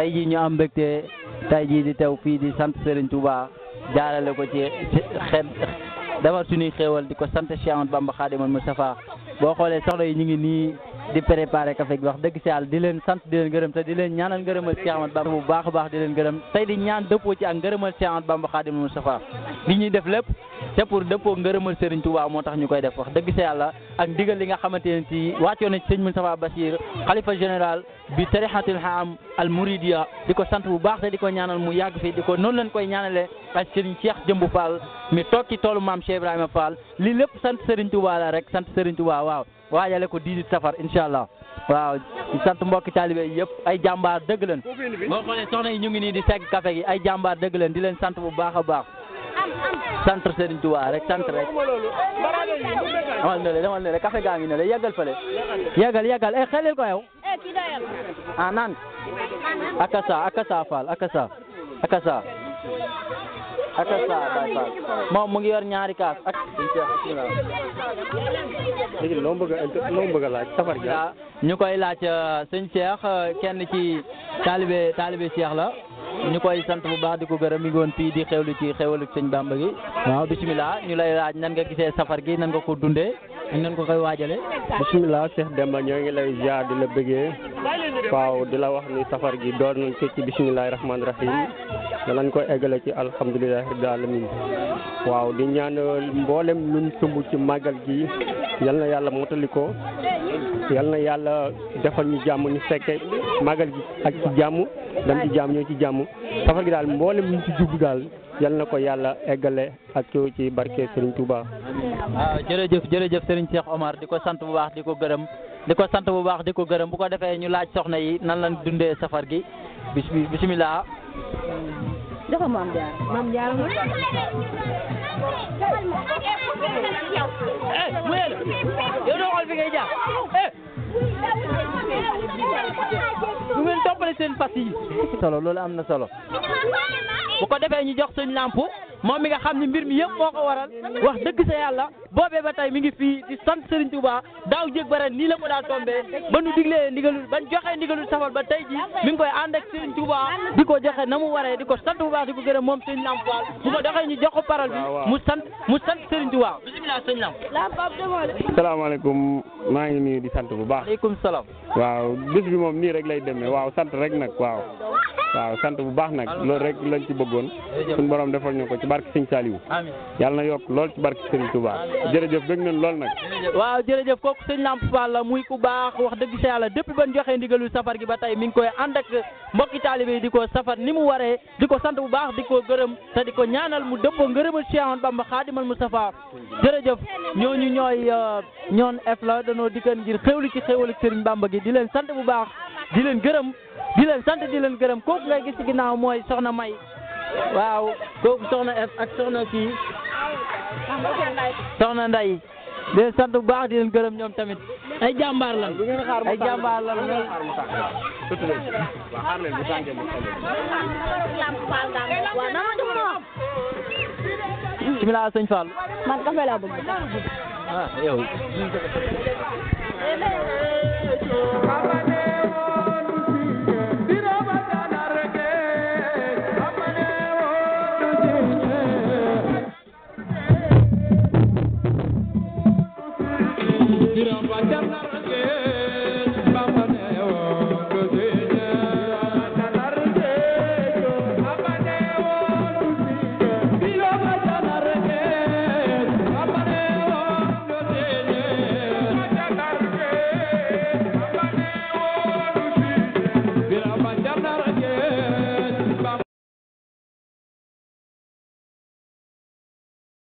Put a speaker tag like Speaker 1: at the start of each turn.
Speaker 1: tey jii ñu am tay tey jii di tew fii di sant Serigne Touba jaarale ko ci xeet defar suñuy di ko sant Cheikh Ahmadou Bamba Khadimul Moustapha boo xoolee soxna yi ñu ngi nii di préparer café gi wax dëgg si yàlla di leen sant di leen gërëm te di leen ñaanal ngërëmal Cheikh Ahmad bu baax a baax di leen gërëm tey di ñaan dëppoo ci ak ngërëmal Cheikh Ahmad Bamba Xaadim Moustapha li ñuy def lépp c'est pour dëppoo ngërëmal Serigne Touba moo tax ñu koy def wax dëgg si la ak ndigal li nga xamante ne ci wàccoon na ci sëñ Moustapha xalifa général bi tarihatil haam al mouridia di ko sant bu baax te di ko ñaanal yàgg di ko noonu lañ koy ñaanalee ak Serigne Cheikh Jëmbu Fall mi toog ci toolu maam Cheikh Ibrahima Fall li lépp sant waaw waajale ko 18 safar incha allah waaw sant mbokki taalibe yëpp ay jàmbaar dëgg leen boo yi ñu ngi nii di segg café gi ay jàmbaar dëgg di leen sant bu baax a baax sant Serigne Touba rek sant rek amal ne le amal ne le café gaa ngi ne le yeggal fële yeggal yeggal eh xelil ko yow ah eh, naan akasa akasa Fall akasa akasa ak moom mu ngi yor ñaari kaas ak. léegi noo laaj safar gi ñu koy laaj euh, sëñ euh, kenn ci taalibe taalibe Cheikh la ñu koy sant bu baax di ko gërëm mi ngi fii di xewlu ci xewlu sëñ Bamba gi waaw bisimilah ñu lay laaj nan nga gisee safar gi nan nga ko dundee nan ko koy waajale bisimilah Cheikh Demba ñoo ngi lay ziar di la bëggee. waaw di la wax ni safar gi door nañ ko ci bisimilahi rahmaani rahim danañ ko eggale ci alhamdulilahi rabbil waaw di ñaan mboolem luñ sumb ci màggal gi yal na yàlla motali ko yal na yàlla defal ñu jàmm ñu fekke màggal gi ak ci jàmm dem ci jàmm ñoo ci jàmm safar gi daal mboolem luñ ci jubbu daal yal na ko yàlla eggale ak ci barke Serigne Touba. Ah, jërëjëf jërëjëf Serigne Cheikh Omar di ko sant bu baax di ko gërëm. di ko sant bu baax di ko gërëm bu ko defee ñu laaj soxna yi nan lañ dundee safar gi bisimilah. dafa maam jaar eh, mu yéen yow doo fi ngay jaar eh. bu ngeen toppale seen fas yi. solo loolu am na solo. bu ko defee ñu jox suñ lampu. moom mi nga xam ne mbir mi yëpp moo ko waral wax dëgg sa yàlla boobee ba tey mi ngi fii di sant Serigne Touba daaw jéeg ba ren nii la ko daa tombee ba nu diglee ndigalul ban joxee ndigalul safal ba tey ji mi ngi koy ànd ak Serigne Touba di ko joxe na mu waree di ko sant bu baax di ko gërëm moom Serigne Lamp Fall bu ko doxee ñu jox ko parole bi mu sant mu sant Serigne Touba bisimilah Serigne Lamp salaamaaleykum maa ngi nuyu di sant bu baax salaam waaw bis bi moom nii rek lay demee waaw sant rek nag waaw waaw sant bu baax nag loolu rek lañ ci bëggoon suñu borom defal ñu ko ci barke Sëñ Saliou yàlla na yokk lool ci barke Sëñ Touba jërëjëf bëgg nañ lool nag waaw jërëjëf kooku sëñ Lamp Fall muy ku baax wax dëgg sa yàlla depuis ban joxee ndigalu safar gi ba tey mi ngi koy ànd ak mbokki taalibe yi di ko safar ni mu waree di ko sant bu baax di ko gërëm te di ko ñaanal mu dëppoo ngërëmal Cheikhoun Bamba Xaadimal Mustafa jërëjëf ñooñu ñooy euh, ñoon ef la danoo dikkan ngir xéwlu ci xéwal ak Sëriñ gi di leen sant bu baax di leen gërëm di sant di leen gërëm kooku ngay gis ci ginnaaw mooy soxna May waaw kooku soxna F ak soxna kii soxna Nday di leen sant baax di gërëm ñoom tamit ay jàmbaar la ay jàmbaar lan lool.